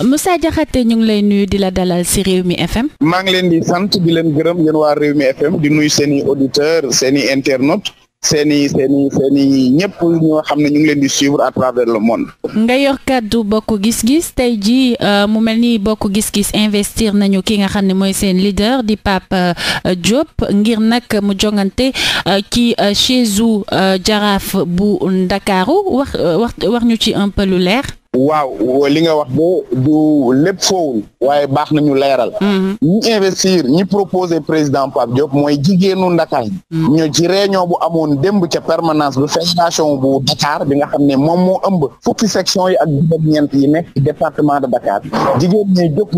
Moussa Diakhaté ñu ngi lay nuyu di la dalal ci mi FM. maa ngi leen di sant di leen gërëm yéen waa Rewmi FM di nuyu seeni auditeur auditeurs seen i internautes seen i ñëpp ñoo xam ne ñu ngi leen di suivre à travers le monde. nga yor kàddu bokk gis-gis tey jii euh, mu mel ni bokk gis-gis investir nañu ki nga xam ne mooy seen leader di Pape euh, Diop ngir nag mu jongante euh, ci chaise u jaraaf bu Ndakaaru wax wax wax ñu ci un lu leer. waaw li nga wax de du lépp foowul waaye baax na ñu leeral. Mhm. ñi investir ñi proposer président Pape Diop mooy jigéenu Ndakaar. Mhm. ñoo ci réunion bu amoon demb ca permanence bu fédération bu Dakar bi nga xam ne moom moo ëmb fukki section yi ak juróom-ñeent yi nekk département de Dakar jigéen ñi jóg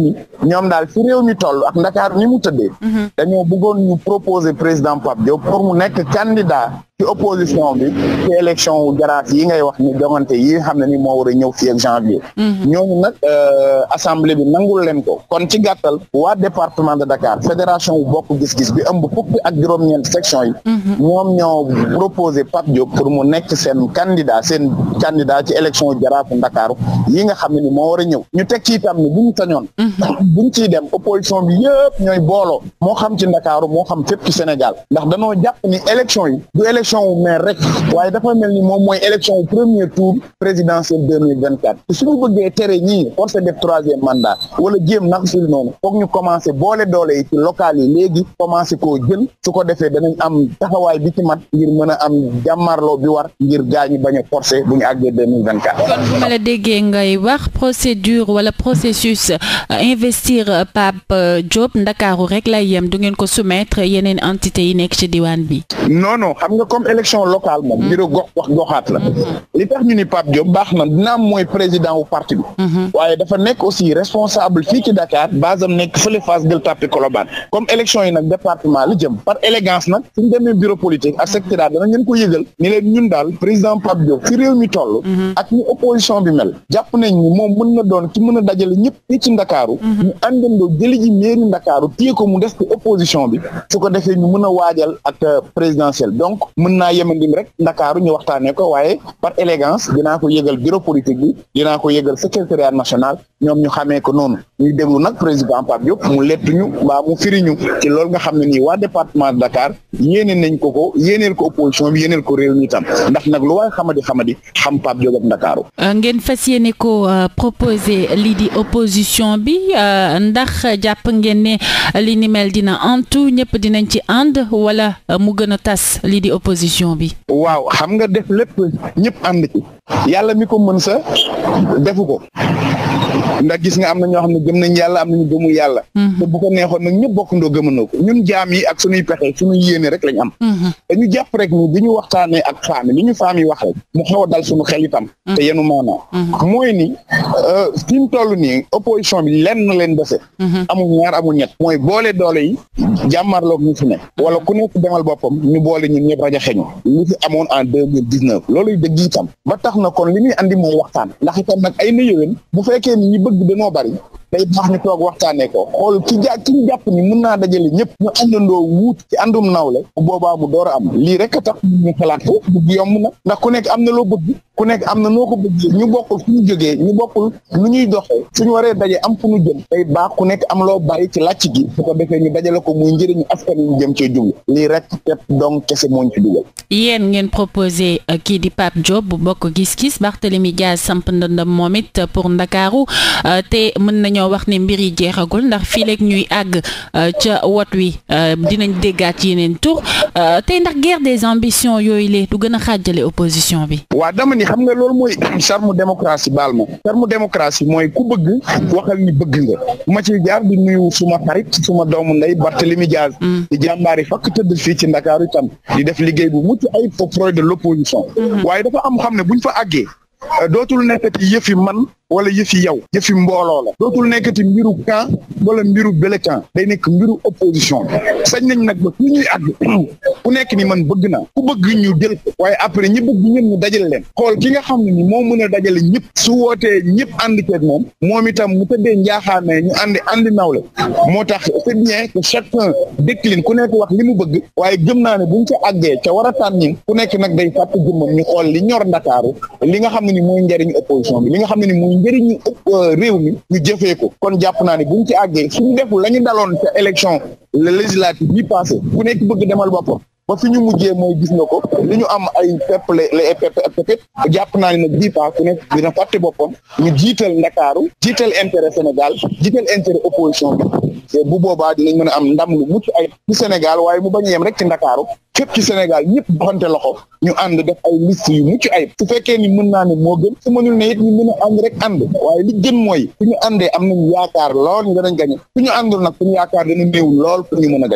ñoom daal fi réew mi toll ak Ndakaar ni mu tëddee. Mhm. dañoo bëggoon ñu proposé président Pape Diop pour mu nekk candidat. ci opposition bi ci élection wu jaraaf yi ngay wax ni joŋante yi xam ne ni moo war ñëw fii janvier. Mhm. ñooñu nag euh, assemblée bi nangul leen ko kon ci gàttal waa département de Dakar fédération bu bokk gis-gis bi ëmb fukki ak juróom-ñeent section yi. Mhm. ñoom ñoo proposé Pape Diop pour mu nekk seen candidat seen candidat ci élection jaraafu Ndakaaru yi nga xam ne ni moo war a ñëw ñu teg ci itam ni bu ñu sañoon. Mhm. buñ ciy dem opposition bi yëpp ñooy booloo moo xam ci Ndakaaru moo xam fépp ci Sénégal ndax danoo jàpp ni élection yi du élection wu maire rek waaye dafa at suñu bëggee tere ñii forcé def troisième mandat wala jéem nax sul noonu foog ñu commencé boole doole yi ci local yi léegi commencé koo jël su ko defee danañ am taxawaay bi ci mat ngir mën a am jàmmarloo bi war ngir gaañu bañ a forcé bu ñu àggee 2024. kon bu ma ngay wax procédure wala processus euh, investir euh, Pape euh, Diop Ndakaaru rek lay yem du ngeen ko soumettre yeneen entité yi nekk ci diwaan bi. nono non xam nga comme élection local moom. Mm. mbiru gox wax goxaat la. Mm-hmm. li tax ñu ni Pape Diop baax na dina am mooy président wu parti bi. Mhm. waaye dafa nekk aussi responsable fii ci Dakar base am nekk fële Fass Gueule Tapée Colobane comme élection yi nag département la jëm par élégance nag suñ demee bureau politique ak secrétaire mhm. opposition bi mel jàpp nañ ni moom na doon ci mën a dajale ñëpp fii ci Ndakaaru. ñu mhm. àndandoo Ndakaaru téye ko ko a euh, waaye par élégance dinaa ko yëgal bureau politique bi. dinaa ko yëgal secrétariat national ñoom ñu xamee ko noonu ñu déglu nag président Pape Diop mu lettuñu mbaa mu firiñu ci loolu nga xam ne nii waa département de Dakar neen nañ ko ko yéeneel ko opposition bi yéeneel ko réew mi tam ndax nag lu waaye xamadi xamadi xam Pape Diop ak Ndakaaru euh, ngeen fas yéene ko euh, proposé lii di opposition bi euh, ndax jàpp ngeen ne li dina en dina antu ñëpp dinañ ci ànd wala mu gën a tas lii di opposition bi waaw xam nga def lépp ñëpp ànd ci yàlla mi ko mën sa defu ko ndax gis nga am na ñoo xam ne gëm nañ yàlla am nañu gëmul yàlla mm-hmm. te bu ko neexoon nag ñëpp bokkandoo gëmandoo ko ñun jaam yi ak suñuy pexe suñuy yéene rek lañ am o mm-hmm. jàpp rek ni bi ñu waxtaanee ak faami li ñu faami wax rek mu xaw a dal suñu xel itam mm-hmm. te yenu maanaa mooy ni euh, fi mu en deux mille dix neuf looluy dëgg itam ba tax na kon li ñuy andi mooy waxtaan ndax ay na yëwén bu fekkee yi bëgg dañoo bari day baax ñu toog waxtaanee ko xool ki ja ki ñu jàpp ni mën naa dajale ñëpp ñu àndandoo wuut ci àndum nawle bu boobaa mu door am lii rek a tax ñu xalaat ko bëgg yomb na ndax ku nekk am na loo bëgg ku nekk am na noo ko ñu bokkul fu ñu bokkul lu ñuy doxee suñu waree daje am fu ñu baax ku nekk am loo bàyyi ci làcc gi su ko defee ñu dajale ko muy njëriñu askan wi ñu jëm cee jublu lii rek képp donc kese moo ñu ci dugal. yéen ngeen proposé euh, kii di Pape Diop bu bokk gis-gis Barthélémy Dias samp ndëndam moom it pour Ndakaaru euh, te mën nañu nañoo wax ne mbir yi jeexagul ndax fii léegi ñuy àgg euh, ca wot wi euh, dinañ déggaat yeneen tur euh, tey ndax guerre des ambitions yooyu le du gën a xaajale opposition bi. waa dama ni xam nga loolu mooy charme démocratie baal ma charme démocratie mooy ku bëgg waxal ni bëgg nga ma ci jaar di nuyu suma xarit suma doomu ndey Barthélemy Diaz mm. di jàmbaari fakk tëdd fii ci Ndakaaru itam di def liggéey bu mucc ay fruit de l'opposition mm-hmm. waaye dafa am xam ne buñ fa àggee dootul nekkati wala yëfi yow yëfi mbooloo la dootul nekkati mbiru camp wala mbiru bële camp day nekk mbiru opposition bi sañ nañ nag ba fi ñuy àgg ku nekk ni man bëgg na ku bëgg ñu jël ko waaye après ñi bëgg ñëpp ñu dajale leen xool ki nga xam ni moo mën a dajale ñëpp su wootee ñëpp ànd ceeg moom moom itam mu tëddee njaaxaanee ñu àndi àndi nawle moo tax c'est bien que chacun décline ku nekk wax li mu bëgg waaye gëm naa ne buñ ca àggee ca war a tànn ñin ku nekk nag day fàtt jëmmam ñu xool li ñor Ndakaaru li nga xam ne ni mooy njariñ opposition bi li nga xam ne ni mooy njëriñu euh, réew mi ñu jëfee ko kon jàpp naa ne buñ ci àggee suñu deful la ñu daloon ca élection législative bi passé ku nekk bëgg demal boppam ba fi ñu mujjee mooy gis nga ko li ñu am ay pepp la ay pepp jàpp naa ne nag bii paa ku nekk dina fàtte boppam ñu jiital ndakaaru jiital intérêt Sénégal jiital intérêt opposition bi bu boobaa dinañ mën a am ndam lu mucc ay ci Sénégal waaye mu bañ yem rek ci ndakaaru fépp ci Sénégal ñëpp doxante loxo ñu ànd def ay moo gën su mënul ñu mën a ànd rek ànd waaye am nañu yaakaar lool ñu danañ gañe su ñu àndul nag suñu yaakaar dana néew lool pour ñu mën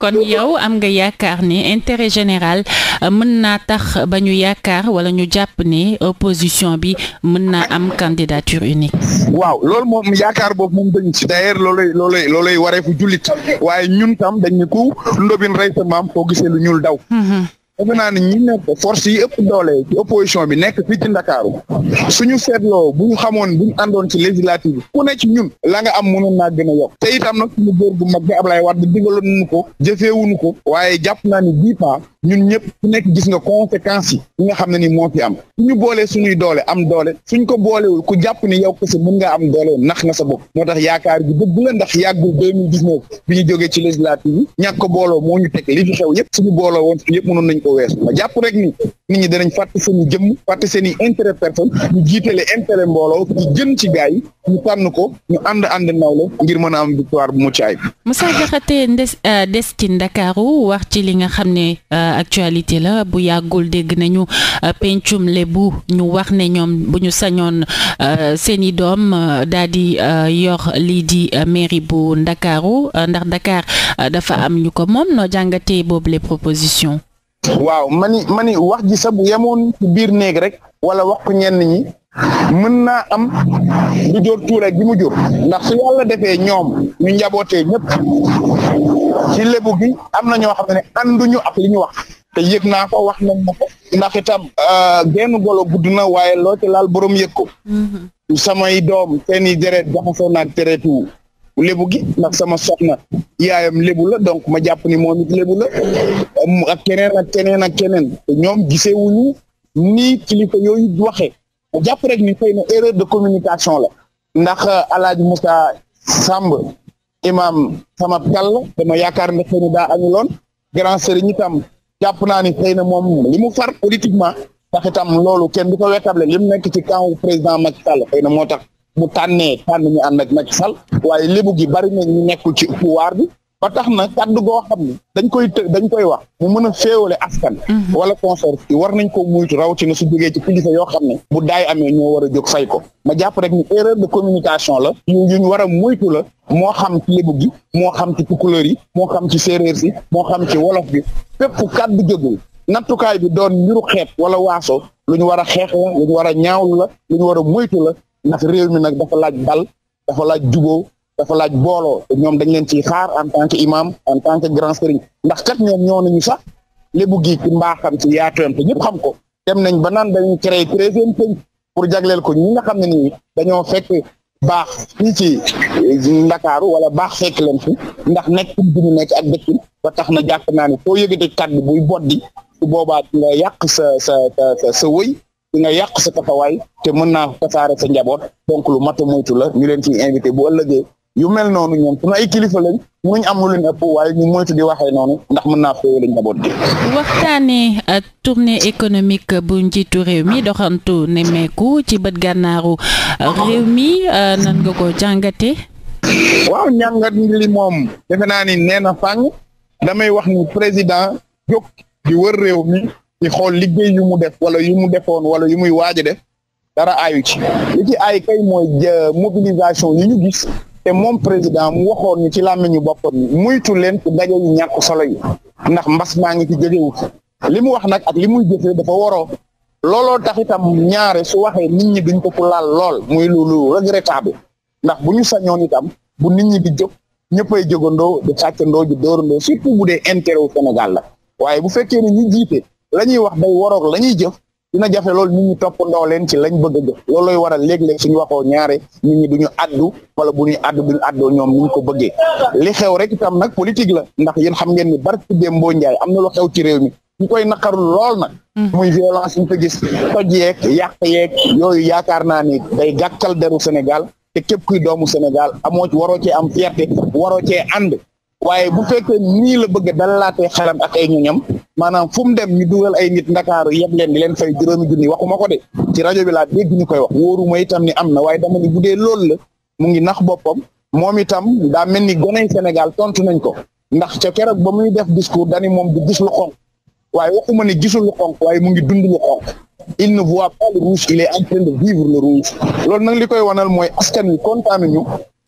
a yow am nga yaakaar ni intérêt général euh, mën naa tax ba ñu yaakaar wala ñu jàpp ne opposition bi mën naa am candidature unique waaw loolu moom yaakaar boobu moom dañ si d'ailleurs looloy looloy jullit waaye ñun tam dañ ku ndobin rey sa maam foo gisee lu ñuul daw mm-hmm. defe naa ne ñu nekk force yi ëpp doole ci opposition bi nekk fii ci Ndakaaru suñu seetloo bu xamoon bu ñu àndoon ci législative bi ku ne ci ñun la nga am mënoon naa gën a yokk te itam nag suñu góor gu mag bi Ablaye Wade digaloon nañu ko jëfeewuñu ko waaye jàpp naa ni bii pas ñun ñëpp nekk gis nga conséquences yi yi nga xam ne ni moo fi am suñu boolee suñuy doole am doole suñ ko boolewul ku jàpp ni yow kese mën nga am doole nax nga sa bopp moo tax yaakaar gi dëgg la ndax yàggul deux mille dix ci législative bi ñàkk booloo moo ñu teg li fi xew yëpp suñu booloo woon yëpp mënoon nañ ko weesu ma jàpp rek ni nit ñi danañ fàtte seen i jëmm fàtte personne ñu jiitale intérêt mbooloo ñu jëm ci gars ñu tànn ko ñu ànd ànd nawle ngir mën a am victoire bu mucc ayib. Moussa Diakhaté des ci euh, Ndakaaru wax ci li nga xam ne euh, actualité la bu yàggul dégg nañu euh, pencum bu ñu wax ne ñoom bu ñu sañoon seen i doom daal di yor lii di mairie bu Ndakaaru ndax ndakaar dafa am ñu ko moom noo jàngatee boobu les propositions. waaw mani mani wax ji sa bu yemoon ci biir néeg rek wala wax ko ñenn ñi mën naa am du jóor tuure gi mu jur ndax su yàlla defee ñoom ñu njabootee ñëpp ci lébu gi am na ñoo xam ne ànduñu ak li ñu wax te yëg naa ko wax nañ ma ko ndaxitam itam euh, genn golo gudd na waaye loo ci laal borom yëg ko mm-hmm. samay doom seen i deret jaxasoo naag tereetu lébu gi ndax sama soxna yaayam lébu la donc ma jàpp ni moom it lébu la ak keneen ak keneen ak keneen ñoom gisee ni nii kilifa yooyu waxee ma jàpp rek ni xëy de communication la ndax euh, Alaaji Moussa Samb imam sama kàll dama yaakaar ne xëy na daa añuloon grand sëriñ itam jàpp naa ni xëy na moom li mu far politiquement tax itam loolu kenn du ko wettable li mu nekk ci camp président Macky Sall xëy na moo tax mu tànnee tànn ñu ànd ak Macky Sall waaye lébu gi bari na ñu nekkul ci pouvoir bi ba tax na kàddu goo xam ne dañ koy të dañ koy wax mu mën a féewale askan mhm. wala consort yi war nañ ko muytu rawatina su jógee ci kilifa yoo xam ne bu daay amee ñoo war a jóg fay ko ma jàpp rek ni erreur de communication la yu ñu war a muytu la moo xam ci gi moo xam ci tukulóor yi moo xam ci séeréer si moo xam ci wolof bi fépp kàddu jógul nattukaay bi doon mbiru xeet wala waaso lu ñu war a xeex war a la lu ñu war la ndax réew mi nag dafa laaj bal dafa laaj juboo dafa laaj booloo ñoom dañ leen ci xaar en tant que imam en tant que grand sëriñ ndax kat ñoom ñoo nañu sax lébu gi ci xam ci yaatoyam te ñëpp xam ko dem nañ ba naan dañuy créé treizième peñ pour jagleel ko ñi nga xam ne nii dañoo fekk baax ni ci eh, Ndakaaru wala baax fekk leen fi ndax nekk bi mu nekk ak dëkkin ba tax na jàpp naa ne foo yëgatee kàddu buy boddi su boobaa nga yàq sa sa sa di nga yàq sa taxawaay te mën naa tasaare sa njaboot donc lu mat a moytu la ñu leen ciy invité bu ëllëgee yu mel noonu ñoom suñu ay kilifa lañ mënuñ am lu leen ëpp waaye ñu moytu di waxee noonu ndax mën naa féewale njaboot gi. waxtaanee euh, tournée économique bu njiitu réew mi doxantu nemmeeku ci bët gànnaaru réew mi euh, nan nga ko jàngatee. waaw njàngat li moom defe naa ni nee na fang damay wax ni président jóg di wër réew mi. di xool liggéey yu mu def wala yu mu defoon wala yu muy waaj a def dara aayu ci li ci aay kay mooy mobilisation yi ñu gis te moom président mu waxoon ñu ci làmmiñu boppam muytu leen ci daje yu ñàkk solo yi ndax mbas maa ngi ci jógewu li mu wax nag ak li muy jëfee dafa waroo looloo tax itam ñaare su waxee nit ñi duñ ko fu laal lool muy lu lu regrettable ndax bu ñu sañoon itam bu nit ñi di jóg ñëppay jógandoo di sàccandoo di dóorandoo surtout bu dee intérêt wu Sénégal la waaye bu fekkee ne la ñuy wax day waroog la ñuy jëf dina jafe loolu nit ñi ndaw leen ci lañ bëgg jëf loolu lay waral léeg-léeg suñu waxoo ñaare nit ñi du ñu addu wala bu ñuy addu duñu addoo ñoom ni ko bëggee li xew rek itam nag politique la ndax yéen xam ngeen ni barki Dembo Ndiaye am na loo xew ci réew mi ñu koy naqarul lool na mm. muy violence ñu ko gis toj yeeg yàq yeeg yooyu yaakaar naa ni day gàkkal deru Sénégal te képp kuy doomu Sénégal amoo ci waroo cee am fierté waroo cee ànd waaye bu fekkee nii la bëgg dalaatee xelam ak ay ñoñam maanaam fu mu dem ñu dugal ay nit ndakaaru yeb leen di leen fay juróomi junni waxuma ko de ci rajo bi laa dégg ñu koy wax wóoruma itam ni am na waaye dama ni bu dee loolu la mu ngi nax boppam moom itam daa mel ni goney Sénégal tontu nañ ko ndax ca keroog ba muy def discours dani moom du gis lu xonk waaye waxuma ne gisul lu xonk waaye mu ngi dund lu xonk il ne voit pas le rouge il est de vivre le rouge loolu nag li koy wanal mooy askan wi kontaanu ñu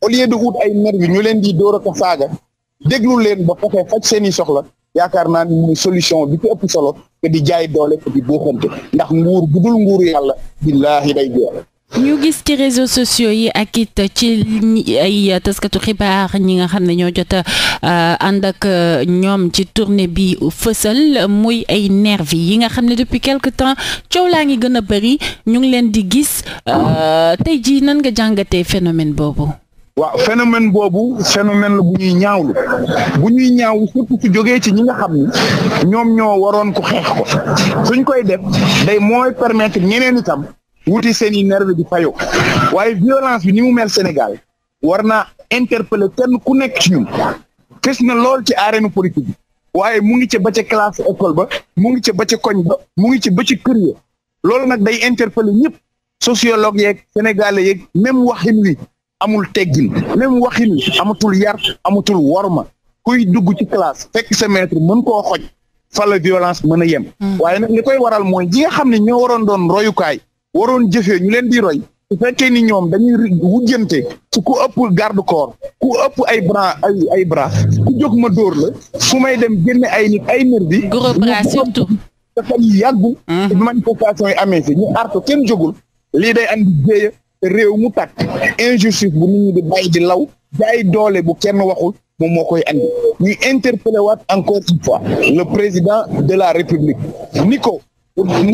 au lieu de wut ay nervi ñu leen di door a ko saaga déglu leen ba fexe faj seen soxla yaakaar naa ni solution bi ci ëpp solo que di jaay doole que di buuxante ndax nguur bu dul nguuru yàlla billaahi day jeex ñu gis ci réseaux sociaux yi ak it ci ay taskatu xibaar ñi nga xam ne ñoo jot a euh, ànd ak euh, ñoom ci tournée bi fësal muy ay nervi yi nga xam ne depuis quelque temps coow laa ngi gën a bëri ñu ngi leen di gis euh, tey jii nan nga jàngatee phénomène boobu. waaw phénomène boobu phénomène la bu ñuy ñaawlu bu ñuy ñaawlu surtout su jógee ci ñi nga xam ni ñoom ñoo waroon ko xeex ko suñ koy def day mooy permettre ñeneen itam wuti seen i nerve di payo waaye violence bi ni mu mel Sénégal war naa interpeller kenn ku nekk ci ñu kes na lool ci arène politique waaye mu ngi ca ba ca classe école ba mu ngi ca ba ca koñ ba mu ngi ci ba ca kër ya loolu nag day interpeller ñëpp sociologue yeeg sénégalais yeeg même waxin wi amul teggin même waxin amatul yar amatul worma kuy dugg ci classe fekk sa mën koo xoj fa la violence mën a yem. Hmm. waaye nag li koy waral mooy ñi nga xam ne ñoo waroon doon royukaay waroon jëfe ñu leen di roy. su fekkee ni ñoom dañuy wujjante su ku ëpp garde corps ku ëpp ay bras ay ay bras ku jóg ma dóor la fu may dem génne ay nit ay nër bi gros bras surtout dafay yàggu hmm. manifestation yi amee fi ñu artu kenn jogul lii day andi jéeya te réew mu tàkk injustice bu nit ñi di bàyyi di law jaay doole bu kenn waxul moom moo koy andi ñuy interpellé waat encore une fois le président de la république ni ko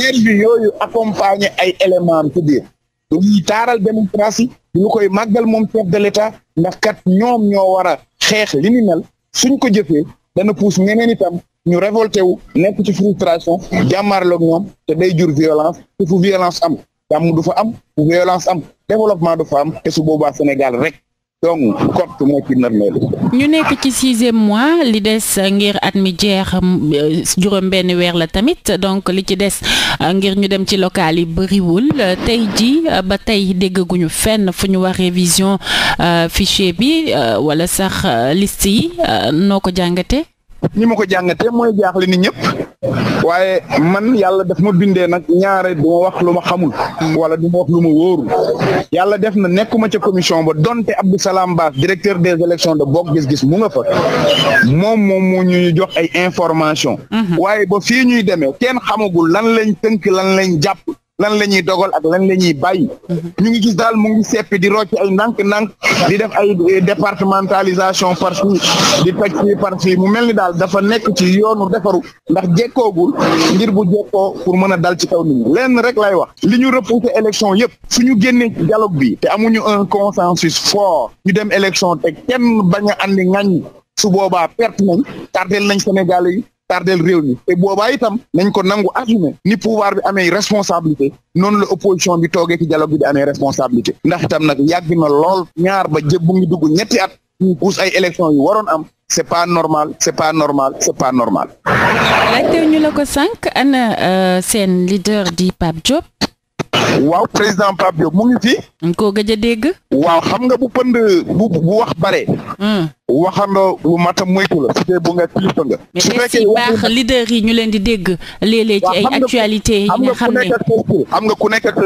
nervi yooyu accompagner ay éléments am ci biir duñuy taaral démocratie duñu koy màggal moom chef de l'état ndax kat ñoom ñoo war a xeex li ni mel suñ ko jëfee dana pousse ñeneen itam ñu révolté wu nekk ci frustration jàmmaarloog ñoom te day jur violence te violence am jàmm du fa am violence am développement du fa am te su boobaa Sénégal rek donc kott ñu nekk ci sixième mois li des ngir at mi jeex euh, juróom benn weer la tamit donc li ci des euh, ngir ñu dem ci local yi bëriwul tey ji euh, ba tey déggaguñu fenn fu ñu wax révision fichier bi wala sax liste yi noo ko jàngate ñi ma ko jàngatee mooy jaaxle ni ñëpp waaye man yàlla daf ma bindee nag ñaare du ma wax lu ma xamul wala du ma wax lu ma yàlla def na nekkuma ca commission ba donte Abdou Salam Bass directeur des élections de Bokk Gis Gis mu nga fa moom moom moo ñu jox ay information mhm. waaye ba fii ñuy demee kenn xamagul lan lañ tënk lan lañ jàpp lan la ñuy dogal ak lan la ñuy bàyyi mhm. ñu ngi gis daal mu ngi seppi di rocc ay ndànk-ndànk di def ay eh, départementalisation par di toj fii par mu mel ni daal dafa nekk ci yoonu defaru ndax jekkoogul ngir bu jekkoo pour mën a dal ci kaw nit ñi lenn rek lay wax li ñu repousser élection yëpp suñu génnee ci dialogue bi te amuñu un consensus fort ñu dem élection te kenn bañ a andi ngañ su boobaa perte nañ tardel nañ Sénégal yi tardeel réew mi te boobaa itam nañ ko nangu assumer ni pouvoir bi amee responsabilité noonu la opposition bi toogee ci dialogue bi amee responsabilité ndax itam nag yàgg na lool ñaar ba jëb bu ngi dugg ñetti at ñu pousse ay élection yu waroon am c'est pas normal c'est pas normal c'est pas normal. laajte ñu la ko sànq ana euh, seen leader di Pape Diop. waaw président Pape Diop mu ngi fi. koo gëj a dégg. waaw xam nga bu pënd bu bu wax pare hmm. waxandoo lu mata a moytu la su dee bu nga kilifa nga. su fekkee baax leader ñu leen di dégg léeg-léeg ci actualité yi nga xam am nga ku nekk ak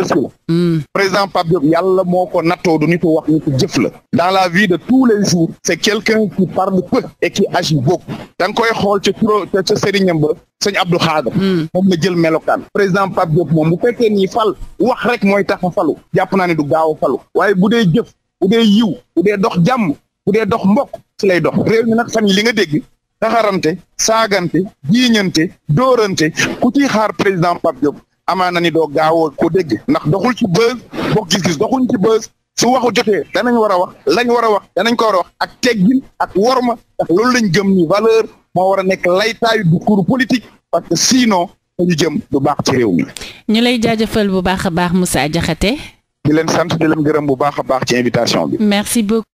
hmm. président Pape Diop yàlla moo ko nattoo du nitu wax nitu jëf la. dans la vie de tous les jours. c' est quelqu'un qui parle peu et qui agit beaucoup. da koy xool ca turo ca sëriñam ba. sëñ Abdou Khadre. Hmm. moom la jël melokaan. président Pape Diop moom bu fekkee nii fal wax. wax rek mooy tax a falu jàpp naa ne du gaaw a falu waaye bu dee jëf bu dee yiw bu dox jàmm bu dee dox mbok ci lay dox réew mi nag fan yi li nga dégg taxarante saagante jiiñante dóorante ku ciy xaar président Pape Diop amaana ni doo gaawoo ko dégg ndax doxul ci bës bokk gis-gis doxul ci bës su waxu jotee danañ war a wax lañ war a wax danañ ko war a wax ak teggin ak worma ndax loolu lañ gëm ni valeur moo war a nekk laytaayu discours politique parce que sinon ñu jëm bu baax ci réew mi. ñu lay jaajëfal bu baax a baax Moussa Diakhaté. di leen sant di leen gërëm bu baax a baax ci invitation bi. merci beaucoup.